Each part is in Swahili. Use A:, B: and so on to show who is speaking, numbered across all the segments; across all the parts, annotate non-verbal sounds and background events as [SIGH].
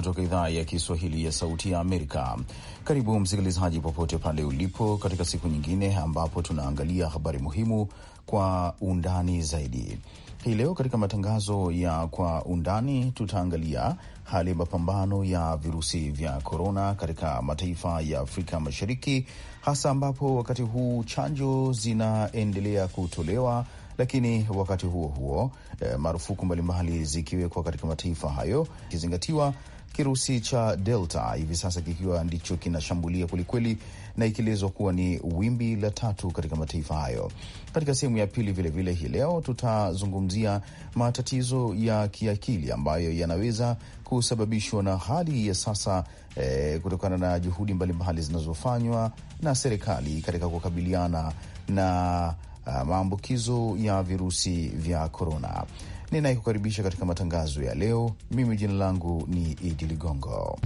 A: kutoka idhaa ya Kiswahili ya Sauti ya Amerika. Karibu msikilizaji, popote pale ulipo, katika siku nyingine ambapo tunaangalia habari muhimu kwa undani zaidi. Hii leo katika matangazo ya kwa undani tutaangalia hali ya mapambano ya virusi vya korona katika mataifa ya Afrika Mashariki, hasa ambapo wakati huu chanjo zinaendelea kutolewa, lakini wakati huo huo e, marufuku mbalimbali zikiwekwa katika mataifa hayo ikizingatiwa kirusi cha Delta hivi sasa kikiwa ndicho kinashambulia kwelikweli, na ikielezwa kuwa ni wimbi la tatu katika mataifa hayo. Katika sehemu ya pili vilevile, hii leo tutazungumzia matatizo ya kiakili ambayo yanaweza kusababishwa na hali ya sasa eh, kutokana na juhudi mbalimbali zinazofanywa na serikali katika kukabiliana na uh, maambukizo ya virusi vya korona ninayekukaribisha katika matangazo ya leo. Mimi jina langu ni Idi Ligongo.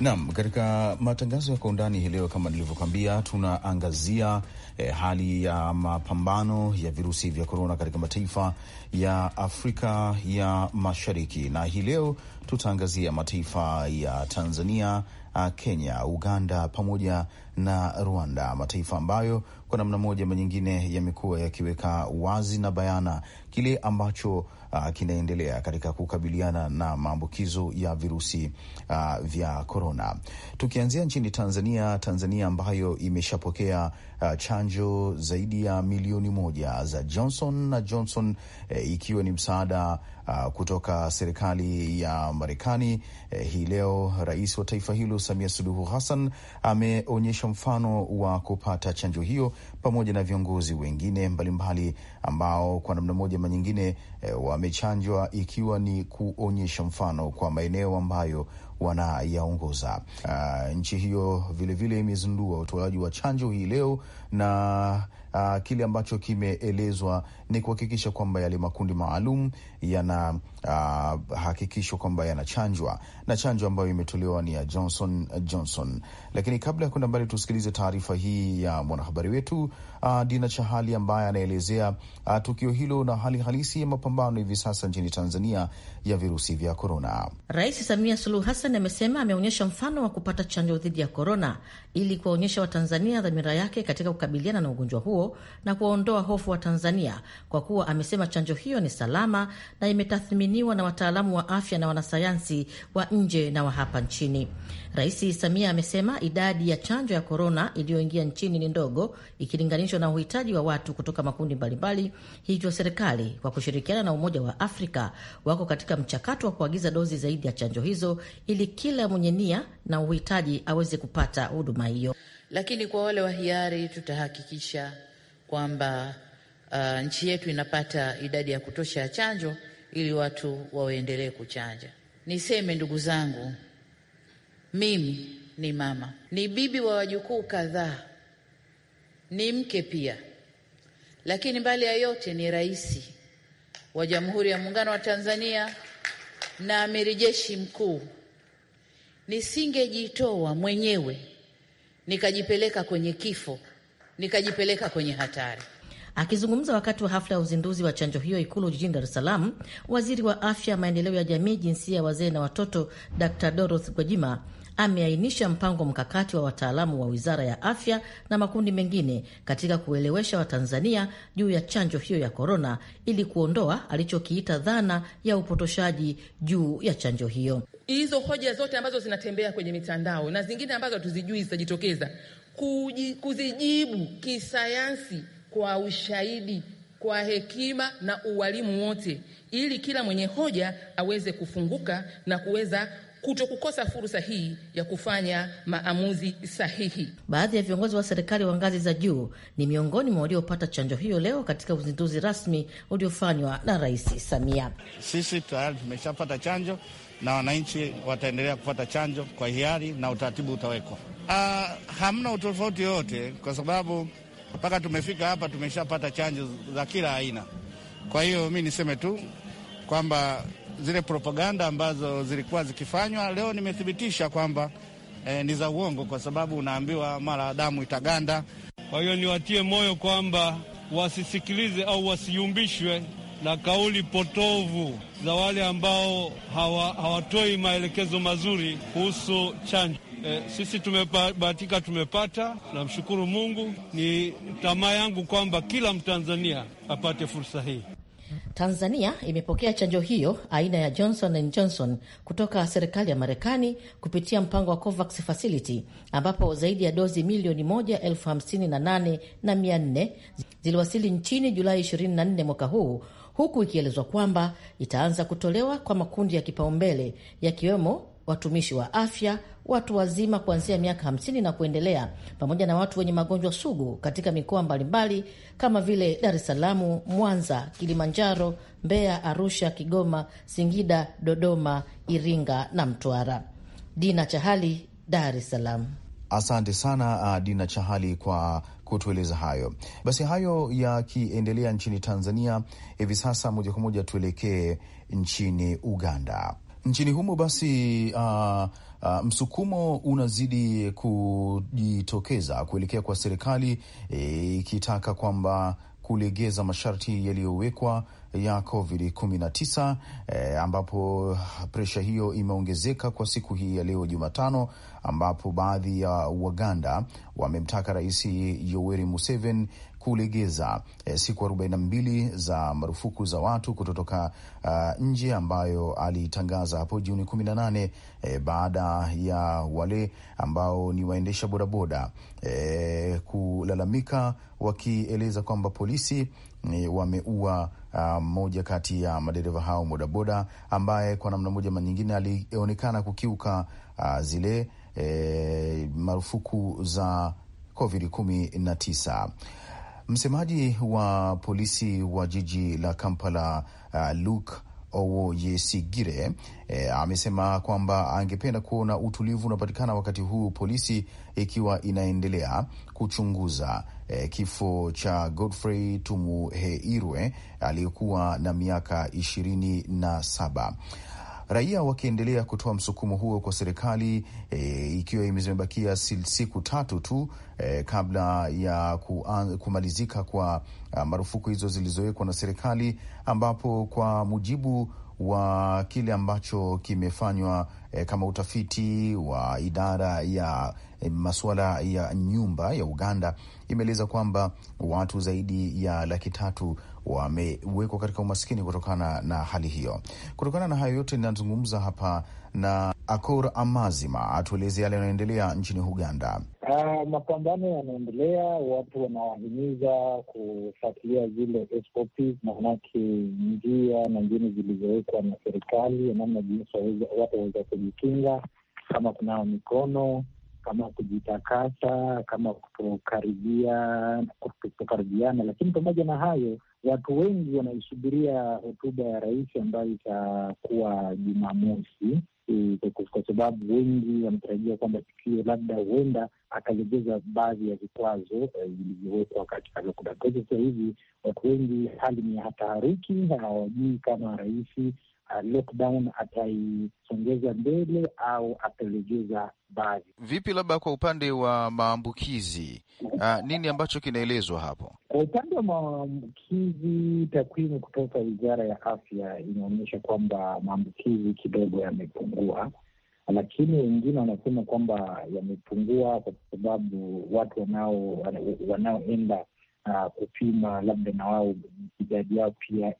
A: Nam, katika matangazo ya kwa undani hii leo, kama nilivyokwambia, tunaangazia eh, hali ya mapambano ya virusi vya korona katika mataifa ya Afrika ya Mashariki, na hii leo tutaangazia mataifa ya Tanzania, uh, Kenya, Uganda pamoja na Rwanda, mataifa ambayo kwa namna moja ama nyingine yamekuwa yakiweka wazi na bayana kile ambacho uh, kinaendelea katika kukabiliana na maambukizo ya virusi uh, vya korona. Tukianzia nchini Tanzania, Tanzania ambayo imeshapokea uh, chanjo zaidi ya milioni moja za Johnson na Johnson eh, ikiwa ni msaada Uh, kutoka serikali ya Marekani. Eh, hii leo rais wa taifa hilo Samia Suluhu Hassan ameonyesha mfano wa kupata chanjo hiyo pamoja na viongozi wengine mbalimbali ambao kwa namna moja ama nyingine e, wamechanjwa ikiwa ni kuonyesha mfano kwa maeneo ambayo wanayaongoza. Uh, nchi hiyo vilevile imezindua utoaji wa chanjo hii leo na uh, kile ambacho kimeelezwa ni kuhakikisha kwamba yale makundi maalum yanahakikishwa ah, uh, kwamba yanachanjwa na chanjo ambayo imetolewa ni ya Johnson eh, Johnson. Lakini kabla ya kwenda mbali, tusikilize taarifa hii ya mwanahabari wetu uh, Dina Chahali ambaye anaelezea uh, tukio hilo na hali halisi ya mapambano hivi sasa nchini Tanzania ya virusi vya korona.
B: Rais Samia Suluhu Hassan amesema ameonyesha mfano wa kupata chanjo dhidi ya korona ili kuwaonyesha Watanzania dhamira yake katika kukabiliana na ugonjwa huo na kuwaondoa hofu wa Tanzania, kwa kuwa amesema chanjo hiyo ni salama na imetathminiwa na wataalamu wa afya na wanasayansi wa nje na wa hapa nchini. Rais Samia amesema idadi ya chanjo ya korona iliyoingia nchini ni ndogo ikilinganishwa na uhitaji wa watu kutoka makundi mbalimbali, hivyo serikali kwa kushirikiana na Umoja wa Afrika wako katika mchakato wa kuagiza dozi zaidi ya chanjo hizo ili kila mwenye nia na uhitaji aweze kupata huduma hiyo. Lakini kwa wale wa hiari tutahakikisha kwamba uh, nchi yetu inapata idadi ya kutosha ya chanjo ili watu waendelee kuchanja. Niseme ndugu zangu, mimi ni mama, ni bibi wa wajukuu kadhaa, ni mke pia, lakini mbali ya yote ni rais wa Jamhuri ya Muungano wa Tanzania na amiri jeshi mkuu. Nisingejitoa mwenyewe nikajipeleka kwenye kifo, nikajipeleka kwenye hatari. Akizungumza wakati wa hafla ya uzinduzi wa chanjo hiyo Ikulu jijini Dar es Salaam, waziri wa afya, maendeleo ya jamii, jinsia ya wazee na watoto, Dr Dorothy Gwajima ameainisha mpango mkakati wa wataalamu wa wizara ya afya na makundi mengine katika kuelewesha Watanzania juu ya chanjo hiyo ya korona ili kuondoa alichokiita dhana ya upotoshaji juu ya chanjo hiyo.
C: Hizo hoja zote ambazo zinatembea kwenye mitandao na zingine ambazo hatuzijui zitajitokeza, kuzijibu kisayansi kwa ushahidi, kwa hekima na uwalimu wote, ili kila mwenye hoja aweze kufunguka na kuweza kuto kukosa fursa hii ya kufanya maamuzi sahihi.
B: Baadhi ya viongozi wa serikali wa ngazi za juu ni miongoni mwa waliopata chanjo hiyo leo katika uzinduzi rasmi uliofanywa na Rais Samia.
D: Sisi tayari tumeshapata chanjo na wananchi wataendelea kupata chanjo kwa hiari na utaratibu utawekwa. Uh, hamna utofauti yoyote kwa sababu mpaka tumefika hapa tumeshapata chanjo za kila aina. Kwa hiyo mi niseme tu kwamba zile propaganda ambazo zilikuwa zikifanywa leo nimethibitisha kwamba eh, ni za uongo, kwa sababu unaambiwa mara damu
E: itaganda. Kwa hiyo niwatie moyo kwamba wasisikilize au wasiyumbishwe na kauli potovu za wale ambao hawa, hawatoi maelekezo mazuri kuhusu chanjo. E, sisi tumebahatika, tumepata. Namshukuru Mungu. Ni tamaa yangu kwamba kila Mtanzania apate fursa hii.
B: Tanzania imepokea chanjo hiyo aina ya Johnson and Johnson kutoka serikali ya Marekani kupitia mpango wa COVAX Facility, ambapo zaidi ya dozi milioni moja elfu hamsini na nane na mia nne ziliwasili nchini Julai 24 mwaka huu, huku ikielezwa kwamba itaanza kutolewa kwa makundi ya kipaumbele yakiwemo watumishi wa afya, watu wazima kuanzia miaka hamsini na kuendelea, pamoja na watu wenye magonjwa sugu katika mikoa mbalimbali kama vile Dar es Salaam, Mwanza, Kilimanjaro, Mbeya, Arusha, Kigoma, Singida, Dodoma, Iringa na Mtwara. Dina Chahali, Dar es Salaam.
A: Asante sana uh, Dina Chahali kwa kutueleza hayo. Basi hayo yakiendelea nchini Tanzania hivi sasa, moja kwa moja tuelekee nchini Uganda nchini humo basi uh, Uh, msukumo unazidi kujitokeza kuelekea kwa serikali eh, ikitaka e, kwamba kulegeza masharti yaliyowekwa ya Covid 19 e, eh, ambapo presha hiyo imeongezeka kwa siku hii ya leo Jumatano, ambapo baadhi ya Waganda wamemtaka Rais Yoweri Museveni kulegeza eh, siku 42 za marufuku za watu kutotoka uh, nje ambayo alitangaza hapo Juni 18 eh, baada ya wale ambao ni waendesha bodaboda eh, kulalamika wakieleza kwamba polisi eh, wameua ah, mmoja uh, kati ya madereva hao bodaboda ambaye kwa namna moja nyingine alionekana kukiuka uh, zile eh, marufuku za COVID 19. Msemaji wa polisi wa jiji la Kampala uh, Luke Owoyesigire e, amesema kwamba angependa kuona utulivu unapatikana wakati huu polisi ikiwa inaendelea kuchunguza e, kifo cha Godfrey Tumuheirwe aliyekuwa na miaka ishirini na saba raia wakiendelea kutoa msukumo huo kwa serikali e, ikiwa imebakia siku tatu tu e, kabla ya kumalizika kwa marufuku hizo zilizowekwa na serikali ambapo kwa mujibu wa kile ambacho kimefanywa e, kama utafiti wa idara ya e, eh, masuala ya nyumba ya Uganda imeeleza kwamba watu zaidi ya laki tatu wamewekwa katika umaskini kutokana na hali hiyo. Kutokana na hayo yote, ninazungumza hapa na Akor Amazima atueleze yale yanayoendelea nchini Uganda.
F: Uh, mapambano yanaendelea, watu wanawahimiza kufuatilia zile SOP, maanake njia na mbinu zilizowekwa na serikali, namna jinsi watu waweza kujikinga, kama kunawa mikono, kama kujitakasa, kama kutokaribiana. Lakini pamoja na hayo, watu wengi wanaisubiria hotuba ya rais ambayo itakuwa Jumamosi kwa sababu wengi wanatarajia kwamba tukio labda huenda akalegeza baadhi ya vikwazo eh, vilivyowekwa wakati kaakuna. Kwa hivyo sasa hivi watu wengi, hali ni ya hataharuki, hawajui kama rais Uh, lockdown ataisongeza mbele au atalegeza baadhi.
A: Vipi labda kwa upande wa maambukizi uh, [LAUGHS] nini ambacho kinaelezwa hapo?
F: Kwa upande wa maambukizi, takwimu kutoka Wizara ya Afya inaonyesha kwamba maambukizi kidogo yamepungua, lakini wengine wanasema kwamba yamepungua kwa sababu watu wanao wanaoenda uh, kupima labda na wao idadi yao pia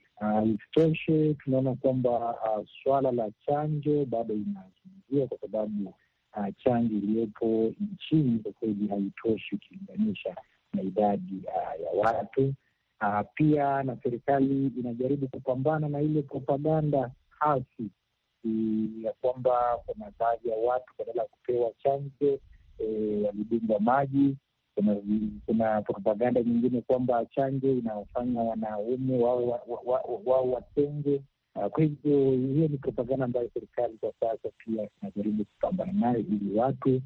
F: Isitoshe, ah, tunaona kwamba uh, swala la chanjo bado inazungumziwa kwa sababu uh, chanjo iliyopo nchini kwa kweli haitoshi ukilinganisha na idadi uh, ya watu uh, pia na serikali inajaribu kupambana na ile propaganda hasi ya kwamba kuna baadhi ya watu badala ya kupewa chanjo eh, walidungwa maji kuna, kuna propaganda nyingine kwamba chanjo inawafanya wanaume wao watenge. Ah, kwa hivyo hiyo ni propaganda ambayo serikali kwa sasa pia inajaribu kupambana nayo ili watu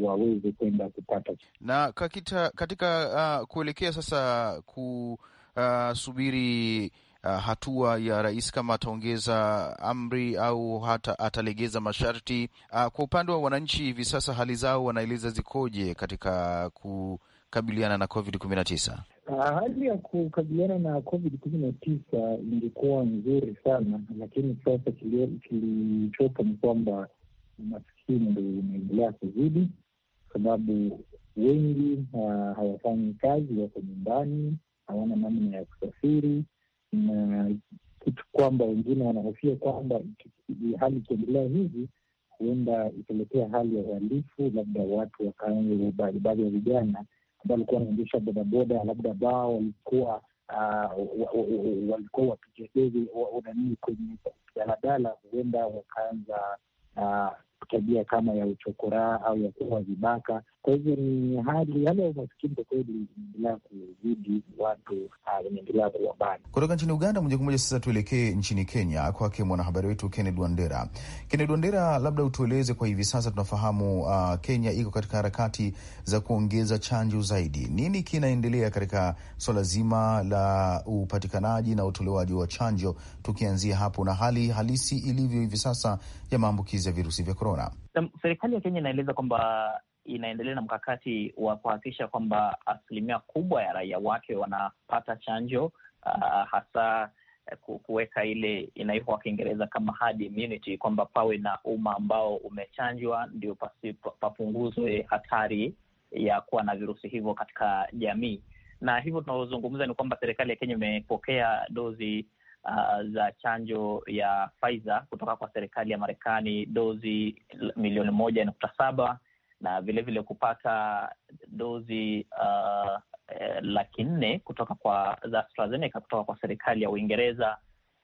F: waweze kwenda kupata
A: na kakita, katika uh, kuelekea sasa kusubiri ah, uh, uh, hatua ya rais kama ataongeza amri au hata atalegeza masharti. Uh, kwa upande wa wananchi hivi sasa hali zao wanaeleza zikoje katika kukabiliana na COVID kumi na tisa?
F: Uh, hali ya kukabiliana na COVID kumi na tisa ingekuwa nzuri sana, lakini sasa kilichopo ni kwamba umaskini ndo unaendelea kuzidi, sababu wengi uh, hawafanyi kazi, wako nyumbani, hawana namna ya kusafiri na kitu kwamba wengine wanahofia kwamba hali ikiendelea hivi huenda ipelekea hali ya uhalifu, labda watu wakaanza, baadhi ya vijana ambao walikuwa wanaendesha bodaboda, labda bao walikuwa ah, walikuwa wapiga nanii kwenye daladala, huenda wakaanza ah, tabia kama ya uchokoraa au ya kuwa vibaka. Kwa hivyo ni hali hali ya umaskini kwa kweli inaendelea kuzidi watu, ah, inaendelea kuwa mbaya. Kutoka nchini Uganda moja
A: kwa moja sasa tuelekee nchini Kenya, kwake mwanahabari wetu Kennedy Wandera. Kennedy Wandera, labda utueleze kwa hivi sasa tunafahamu, uh, Kenya iko katika harakati za kuongeza chanjo zaidi. Nini kinaendelea katika swala zima la upatikanaji na utolewaji wa chanjo, tukianzia hapo na hali halisi ilivyo hivi sasa ya maambukizi ya virusi vya
G: korona? korona. Serikali ya Kenya inaeleza kwamba inaendelea na mkakati wa kuhakikisha kwamba asilimia kubwa ya raia wake wanapata chanjo uh, hasa eh, kuweka ile inaitwa kwa Kiingereza kama herd immunity, kwamba pawe na umma ambao umechanjwa, ndio papunguzwe hatari ya kuwa na virusi hivyo katika jamii. Na hivyo tunavyozungumza ni kwamba serikali ya Kenya imepokea dozi uh, za chanjo ya Pfizer kutoka kwa serikali ya Marekani, dozi milioni moja nukta saba na vilevile vile kupata dozi uh, eh, laki nne kutoka kwa za AstraZeneca kutoka kwa serikali ya Uingereza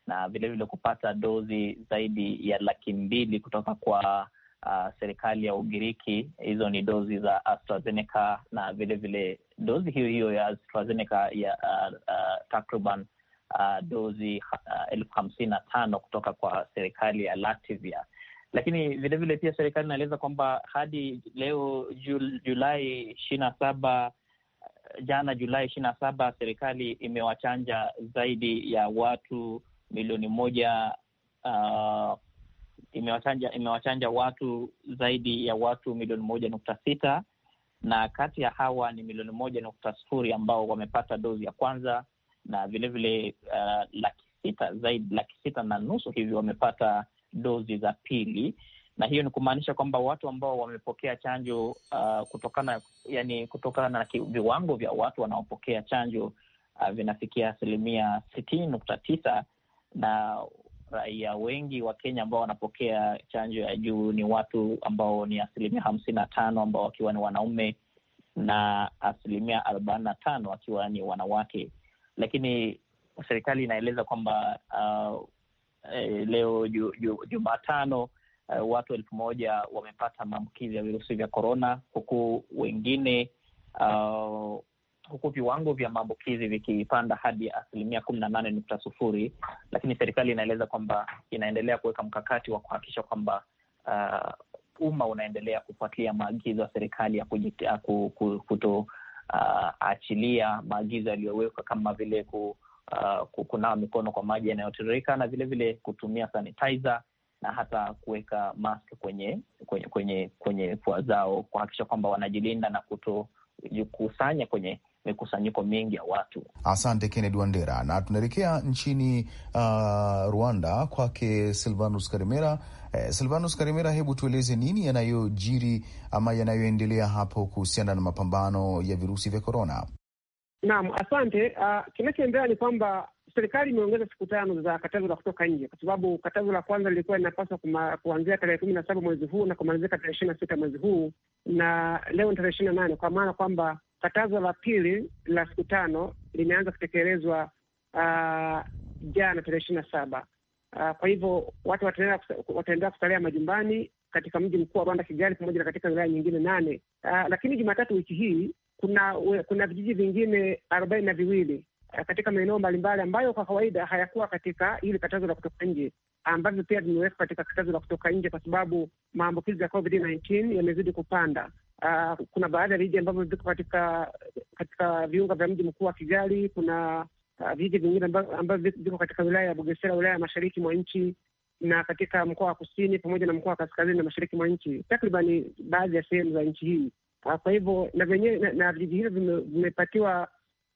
G: na vilevile vile kupata dozi zaidi ya laki mbili kutoka kwa uh, serikali ya Ugiriki. Hizo ni dozi za AstraZeneca na vilevile vile dozi hiyo hiyo ya AstraZeneca ya uh, uh, takriban uh, dozi uh, elfu hamsini na tano kutoka kwa serikali ya Latvia lakini vilevile pia serikali inaeleza kwamba hadi leo Jul, Julai ishirini na saba uh, jana Julai ishirini na saba serikali imewachanja zaidi ya watu milioni moja uh, imewachanja imewachanja watu zaidi ya watu milioni moja nukta sita na kati ya hawa ni milioni moja nukta sifuri ambao wamepata dozi ya kwanza na vilevile uh, laki sita zaidi laki sita na nusu hivi wamepata dozi za pili, na hiyo ni kumaanisha kwamba watu ambao wamepokea chanjo uh, kutokana yani kutokana na viwango vya watu wanaopokea chanjo uh, vinafikia asilimia sitini nukta tisa na raia wengi wa Kenya ambao wanapokea chanjo ya juu ni watu ambao ni asilimia hamsini na tano ambao wakiwa ni wanaume na asilimia arobaini na tano wakiwa ni wanawake lakini serikali inaeleza kwamba uh, eh, leo Jumatano uh, watu elfu moja wamepata maambukizi ya virusi vya korona, huku wengine uh, huku viwango vya maambukizi vikipanda hadi ya asilimia kumi na nane nukta sufuri, lakini serikali inaeleza kwamba inaendelea kuweka mkakati wa kuhakikisha kwamba uh, umma unaendelea kufuatilia maagizo ya serikali ya kuto uh, achilia maagizo yaliyowekwa kama vile ku, uh, kunawa mikono kwa maji yanayotiririka na vilevile vile kutumia sanitizer na hata kuweka mask kwenye kwenye kwenye kwenye pua zao kuhakikisha kwamba wanajilinda na kutojikusanya kwenye mikusanyiko mingi ya watu.
A: Asante Kennedy Wandera, na tunaelekea nchini uh, Rwanda kwake Silvanus Karimera. Eh, Silvanus Karimera, hebu tueleze nini yanayojiri ama yanayoendelea hapo kuhusiana na mapambano ya virusi vya korona?
H: Naam, asante. Uh, kinachoendelea ni kwamba serikali imeongeza siku tano za katazo la kutoka nje, kwa sababu katazo la kwanza lilikuwa linapaswa kuanzia tarehe kumi na saba mwezi huu na kumalizika tarehe ishirini na sita mwezi huu, na leo ni tarehe ishirini na nane kwa maana kwamba Katazo la pili la siku tano limeanza kutekelezwa uh, jana tarehe ishirini na saba. Uh, kwa hivyo watu wataendelea kusalia majumbani katika mji mkuu wa Rwanda Kigali, pamoja na katika wilaya nyingine nane. Uh, lakini Jumatatu wiki hii kuna kuna vijiji vingine arobaini na viwili uh, katika maeneo mbalimbali ambayo kwa kawaida hayakuwa katika hili katazo la kutoka nje ambavyo pia vimewekwa katika katazo la kutoka nje kwa sababu maambukizi ya COVID-19 yamezidi kupanda. Uh, kuna baadhi ya vijiji ambavyo viko katika katika viunga vya mji mkuu wa Kigali. Kuna uh, vijiji vingine ambavyo viko katika wilaya ya Bugesera, wilaya ya mashariki mwa nchi na katika mkoa wa kusini pamoja na mkoa wa kaskazini na mashariki mwa nchi, takriban baadhi ya sehemu za nchi hii. Uh, kwa hivyo na vyenyewe na, na vijiji hivyo vimepatiwa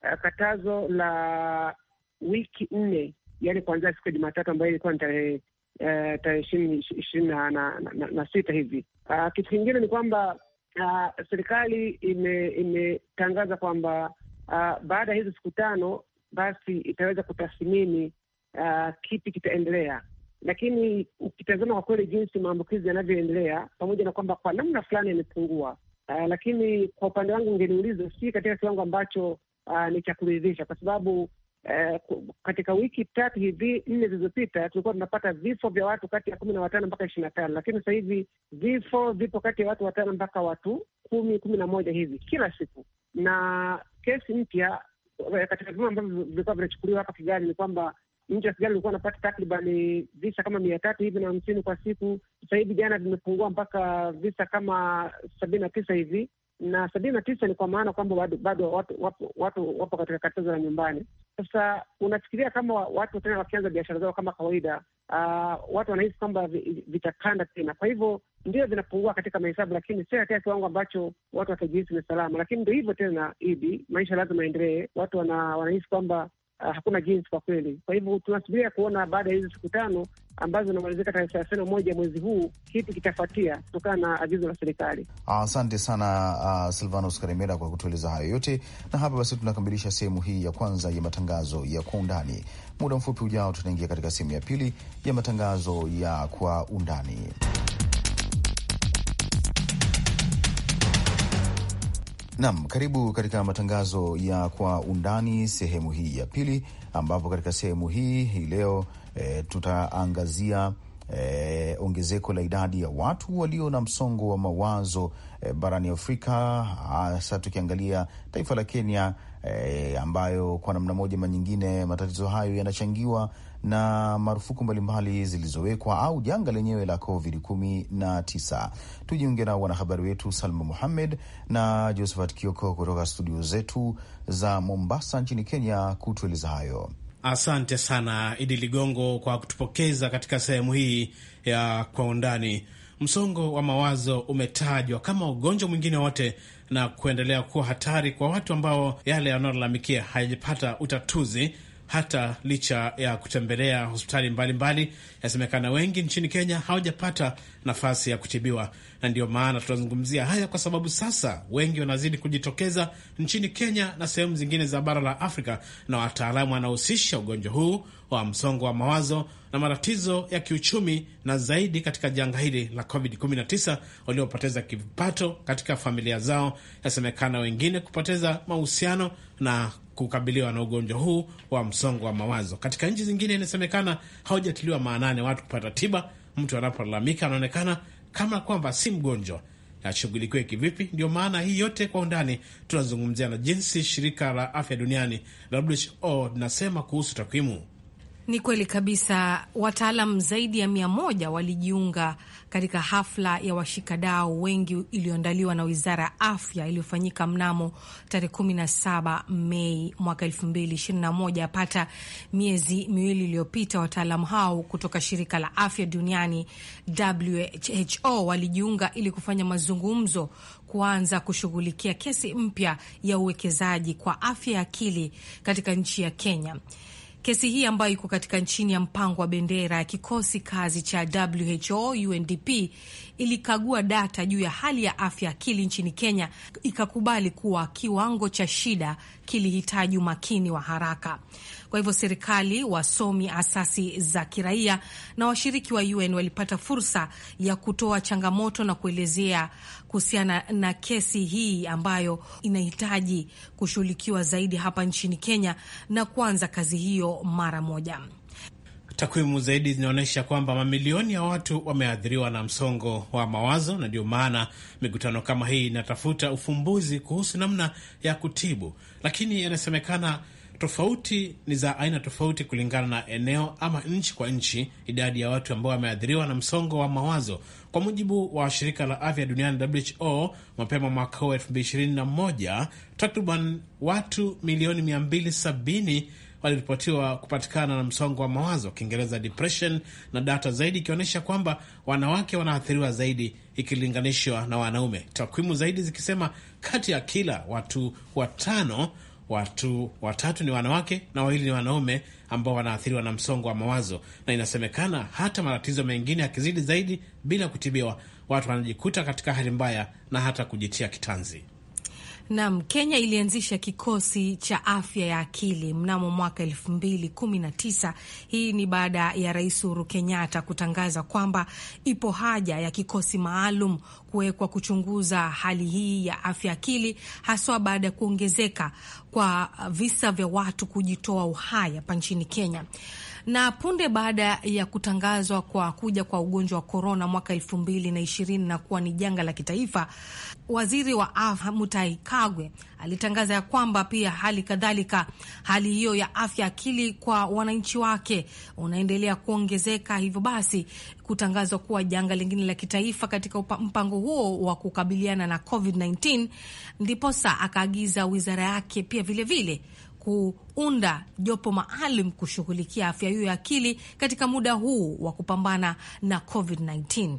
H: uh, katazo la wiki nne, yani kuanzia siku ya Jumatatu ambayo ilikuwa ni tarehe eh, tarehe ishirini na sita hivi. Uh, kitu kingine ni kwamba uh, serikali imetangaza ime kwamba uh, baada ya hizo siku tano basi itaweza kutathmini uh, kipi kitaendelea, lakini ukitazama kwa kweli jinsi maambukizi yanavyoendelea, pamoja na kwamba kwa namna fulani yamepungua, uh, lakini kwa upande wangu ungeniuliza, si katika kiwango ambacho uh, ni cha kuridhisha, kwa sababu Eh, katika wiki tatu hivi nne zilizopita tulikuwa tunapata vifo vya watu kati ya kumi na watano mpaka ishirini na tano lakini sasa hivi vifo vipo kati ya watu watano mpaka watu kumi kumi na moja hivi kila siku, na kesi mpya eh, katika vipimo ambavyo vilikuwa vinachukuliwa hapa Kigali ni kwamba mji wa Kigali ulikuwa unapata takriban visa kama mia tatu hivi na hamsini kwa siku. Sasa hivi jana vimepungua mpaka visa kama sabini na tisa hivi na sabini na tisa ni kwa maana kwamba bado, bado watu wapo, watu wapo katika katizo la nyumbani. Sasa unafikiria kama watu tena wakianza biashara zao kama kawaida, uh, watu wanahisi kwamba vitakanda tena. Kwa hivyo ndio vinapungua katika mahesabu, lakini sio katika kiwango ambacho watu watajihisi ni salama. Lakini ndio hivyo tena, Idi, maisha lazima endelee. Watu wana, wanahisi kwamba uh, hakuna jinsi kwa kweli. Kwa hivyo tunasubiria kuona baada ya hizi siku tano ambazo zinamalizika tarehe thelathini na moja mwezi huu kipi kitafuatia kutokana na agizo la serikali.
A: Asante ah, sana ah, Silvanus Karimera kwa kutueleza hayo yote, na hapa basi tunakamilisha sehemu hii ya kwanza ya matangazo ya kwa undani. Muda mfupi ujao, tunaingia katika sehemu ya pili ya matangazo ya kwa undani. Nam, karibu katika matangazo ya kwa undani sehemu hii ya pili, ambapo katika sehemu hii hii leo e, tutaangazia e, ongezeko la idadi ya watu walio na msongo wa mawazo e, barani Afrika, hasa tukiangalia taifa la Kenya e, ambayo kwa namna moja ama nyingine matatizo hayo yanachangiwa na marufuku mbalimbali zilizowekwa au janga lenyewe la Covid 19. Tujiunge na wanahabari wetu Salma Muhammed na Josephat Kioko kutoka studio zetu za Mombasa nchini Kenya kutueleza hayo.
D: Asante sana Idi Ligongo kwa kutupokeza katika sehemu hii ya kwa undani. Msongo wa mawazo umetajwa kama ugonjwa mwingine wote na kuendelea kuwa hatari kwa watu ambao yale yanayolalamikia hayajapata utatuzi hata licha ya kutembelea hospitali mbalimbali. Yasemekana wengi nchini Kenya hawajapata nafasi ya kutibiwa na ndio maana tunazungumzia haya, kwa sababu sasa wengi wanazidi kujitokeza nchini Kenya na sehemu zingine za bara la Afrika, na wataalamu wanahusisha ugonjwa huu wa msongo wa mawazo na matatizo ya kiuchumi, na zaidi katika janga hili la COVID-19, waliopoteza kipato katika familia zao, yasemekana wengine kupoteza mahusiano na kukabiliwa na ugonjwa huu wa msongo wa mawazo. Katika nchi zingine inasemekana haujatiliwa maanane watu kupata tiba. Mtu anapolalamika anaonekana kama kwamba si mgonjwa ashughulikiwe kivipi? Ndio maana hii yote kwa undani tunazungumzia na jinsi shirika la afya duniani la WHO linasema kuhusu takwimu
C: ni kweli kabisa. Wataalam zaidi ya mia moja walijiunga katika hafla ya washikadau wengi iliyoandaliwa na wizara ya afya iliyofanyika mnamo tarehe 17 Mei mwaka 2021, apata miezi miwili iliyopita. Wataalamu hao kutoka shirika la afya duniani WHO walijiunga ili kufanya mazungumzo kuanza kushughulikia kesi mpya ya uwekezaji kwa afya ya akili katika nchi ya Kenya. Kesi hii ambayo iko katika nchini ya mpango wa bendera ya kikosi kazi cha WHO UNDP ilikagua data juu ya hali ya afya akili nchini Kenya, ikakubali kuwa kiwango cha shida kilihitaji umakini wa haraka. Kwa hivyo serikali, wasomi, asasi za kiraia na washiriki wa UN walipata fursa ya kutoa changamoto na kuelezea kuhusiana na kesi hii ambayo inahitaji kushughulikiwa zaidi hapa nchini Kenya na kuanza kazi hiyo mara moja.
D: Takwimu zaidi zinaonyesha kwamba mamilioni ya watu wameathiriwa na msongo wa mawazo, na ndio maana mikutano kama hii inatafuta ufumbuzi kuhusu namna ya kutibu, lakini yanasemekana tofauti ni za aina tofauti kulingana na eneo ama nchi kwa nchi, idadi ya watu ambao wameathiriwa na msongo wa mawazo. Kwa mujibu wa shirika la afya duniani WHO, mapema mwaka huu 2021 takriban watu milioni 270 waliripotiwa kupatikana na msongo wa mawazo, Kiingereza depression, na data zaidi ikionyesha kwamba wanawake wanaathiriwa zaidi ikilinganishwa na wanaume, takwimu zaidi zikisema kati ya kila watu watano watu watatu ni wanawake na wawili ni wanaume ambao wanaathiriwa na msongo wa mawazo, na inasemekana hata matatizo mengine yakizidi zaidi bila kutibiwa, watu wanajikuta katika hali mbaya na hata kujitia kitanzi.
C: Nam, Kenya ilianzisha kikosi cha afya ya akili mnamo mwaka elfu mbili kumi na tisa. Hii ni baada ya Rais Uhuru Kenyatta kutangaza kwamba ipo haja ya kikosi maalum kuwekwa kuchunguza hali hii ya afya akili, haswa baada ya kuongezeka kwa visa vya watu kujitoa uhai hapa nchini Kenya na punde baada ya kutangazwa kwa kuja kwa ugonjwa wa korona mwaka elfu mbili na ishirini na kuwa ni janga la kitaifa, Waziri wa afya Mutai Kagwe alitangaza ya kwamba pia hali kadhalika hali hiyo ya afya akili kwa wananchi wake unaendelea kuongezeka, hivyo basi kutangazwa kuwa janga lingine la kitaifa katika mpango huo wa kukabiliana na COVID-19, ndiposa akaagiza wizara yake pia vilevile vile kuunda jopo maalum kushughulikia afya hiyo ya akili katika muda huu wa kupambana na COVID-19.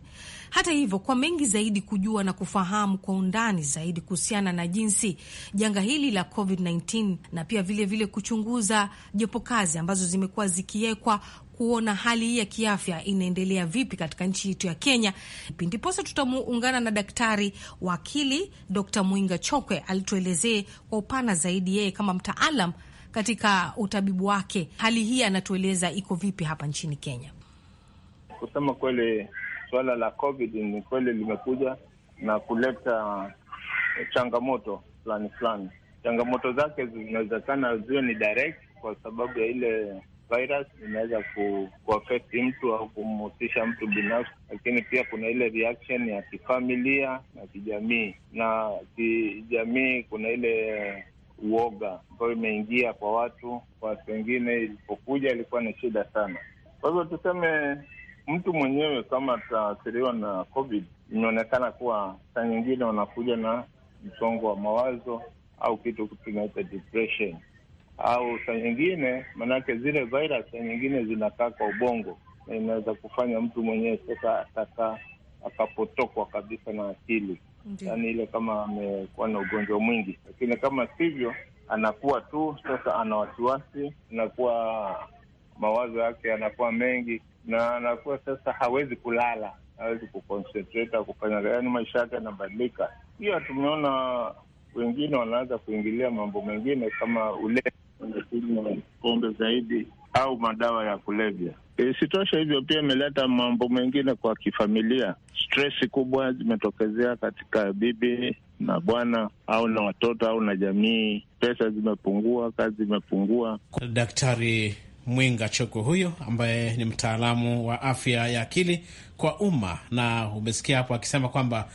C: Hata hivyo, kwa mengi zaidi kujua na kufahamu kwa undani zaidi kuhusiana na jinsi janga hili la COVID-19 na pia vilevile vile kuchunguza jopo kazi ambazo zimekuwa zikiwekwa kuona hali hii ya kiafya inaendelea vipi katika nchi yetu ya Kenya. Pindiposa tutamuungana na daktari wakili Dr. Mwinga Chokwe alituelezee kwa upana zaidi, yeye kama mtaalam katika utabibu wake, hali hii anatueleza iko vipi hapa nchini Kenya.
I: Kusema kweli, suala la COVID ni kweli limekuja na kuleta changamoto fulani fulani. Changamoto zake zinawezekana ziwe ni direct kwa sababu ya ile virus inaweza kuaffect mtu au kumhusisha mtu binafsi, lakini pia kuna ile reaction ya kifamilia na kijamii. Na kijamii kuna ile uoga ambayo imeingia kwa watu, kwa watu wengine. Ilipokuja ilikuwa ni shida sana. Kwa hivyo tuseme mtu mwenyewe kama ataathiriwa na COVID, imeonekana kuwa saa nyingine wanakuja na msongo wa mawazo au kitu kinaita depression au saa nyingine, maanake zile virus saa nyingine zinakaa kwa ubongo na inaweza kufanya mtu mwenyewe sasa ataka akapotokwa kabisa na akili, Yani ile kama amekuwa na ugonjwa mwingi. Lakini kama sivyo, anakuwa tu sasa ana wasiwasi, anakuwa mawazo yake yanakuwa mengi na anakuwa sasa hawezi kulala, hawezi kuconcentrate kufanya, yani maisha yake yanabadilika. Pia tumeona wengine wanaanza kuingilia mambo mengine kama ulevi wanakunywa pombe zaidi au madawa ya kulevya. Isitoshe hivyo pia imeleta mambo mengine kwa kifamilia. Stresi kubwa zimetokezea katika bibi na bwana au na watoto au na jamii. Pesa zimepungua, kazi zimepungua.
D: Daktari Mwinga Choko huyo ambaye ni mtaalamu wa afya ya akili kwa umma, na umesikia hapo akisema kwamba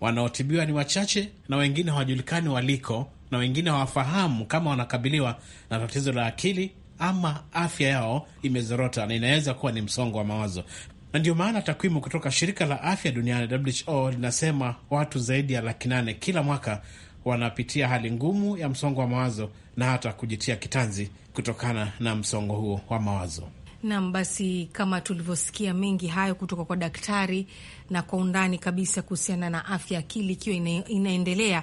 D: wanaotibiwa ni wachache na wengine hawajulikani waliko na wengine hawafahamu kama wanakabiliwa na tatizo la akili ama afya yao imezorota na inaweza kuwa ni msongo wa mawazo. Na ndio maana takwimu kutoka shirika la afya duniani WHO linasema watu zaidi ya laki nane kila mwaka wanapitia hali ngumu ya msongo wa mawazo na hata kujitia kitanzi kutokana na msongo huo wa mawazo.
C: Nam, basi kama tulivyosikia mengi hayo kutoka kwa daktari na kwa undani kabisa kuhusiana na afya akili ikiwa ina, inaendelea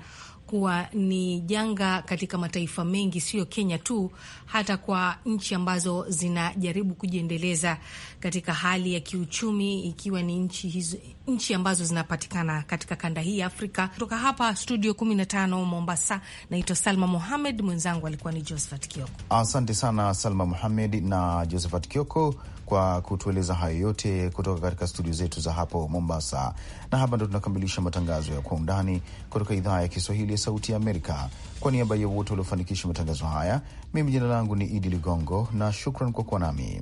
C: kuwa ni janga katika mataifa mengi, sio Kenya tu, hata kwa nchi ambazo zinajaribu kujiendeleza katika hali ya kiuchumi, ikiwa ni nchi hizo, nchi ambazo zinapatikana katika kanda hii ya Afrika. Kutoka hapa studio 15 Mombasa, naitwa Salma Mohamed, mwenzangu alikuwa ni Josephat Kioko.
A: Asante sana Salma Mohamed na Josephat Kioko kwa kutueleza hayo yote kutoka katika studio zetu za hapo Mombasa. Na hapa ndo tunakamilisha matangazo ya Kwa Undani kutoka idhaa ya Kiswahili ya Sauti ya Amerika. Kwa niaba ya wote waliofanikisha matangazo haya, mimi jina langu ni Idi Ligongo na shukran kwa kuwa nami.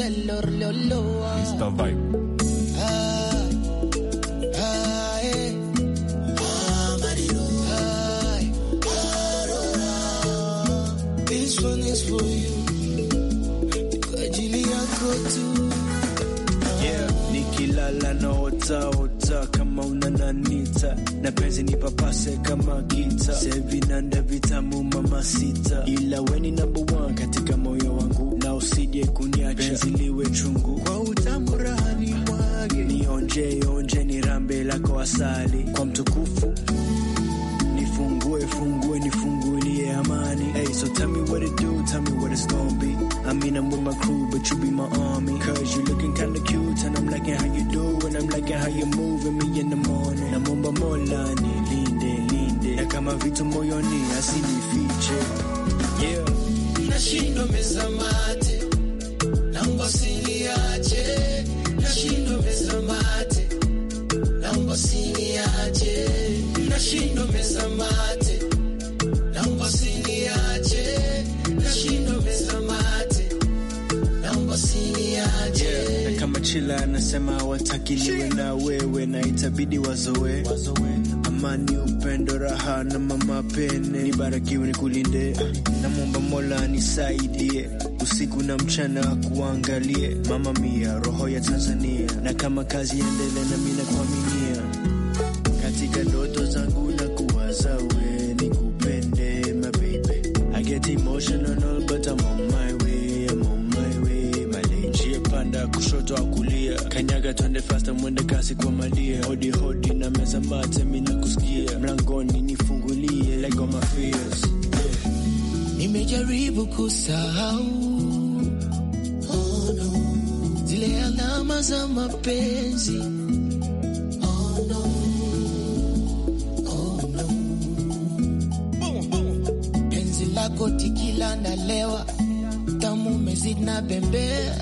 J: Mr.
E: Vibe. Yeah, nikilala naotaota kama unananita na penzi nipapase kama gita sevina nda vitamu mama sita ila weni number one katika moyo usije kuniacha, penzi liwe chungu kwa utamu rahani mwage, nionje onje ni rambe lako asali kwa mtukufu Nifungue, fungue, nifungulie amani. Hey, so tell me what it do, tell me what it's gonna be. I mean, I'm with my crew, but you be my army. Cause you looking kinda cute, and I'm liking how you do, and I'm liking how you moving me in the morning. Namomba Mola, nilinde, linde. Na kama vitu moyoni, asinifiche nashindo meza mate naomba usiniache,
J: nashindo meza mate naomba usiniache, nashindo meza mate
E: Chila anasema watakiliwe na wewe na itabidi wazoe, wazoe. Amani, upendo, raha na mama pene, nibarikiwe nikulinde, na muomba Mola nisaidie usiku na mchana kuangalie, mama mia, roho ya Tanzania, na kama kazi endelea, nami nakuaminia katika Mara twende fasta mwende kasi kwa malie hodi hodi na meza mate mina kusikia mlangoni nifungulie lego like mafias yeah.
J: Nimejaribu kusahau oh, no. Zile alama za mapenzi oh, no. Oh, nalewa tamu mezid na bembea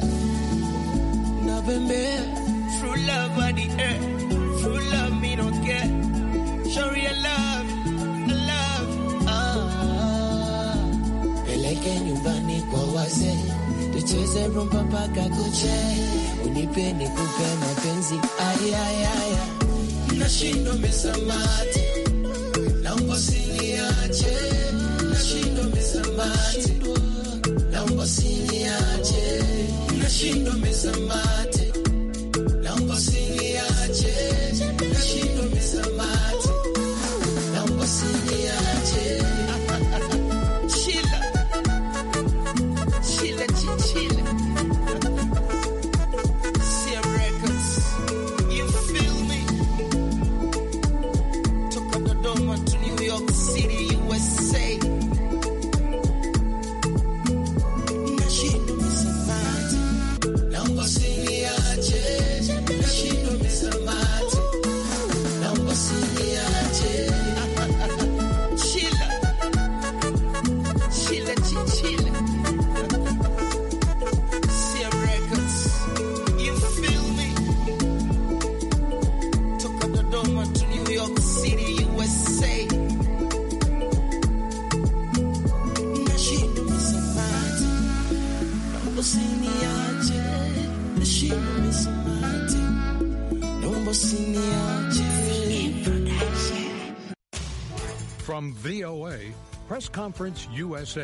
J: na bembea Eh. Ah. Peleke nyumbani kwa tucheze rumba mpaka kuche, unipe nikupe mapenzi, ayayaya Nashindo misamati, naomba usiniache, nashindo misamati, naomba usiniache, nashindo misamati Conference USA.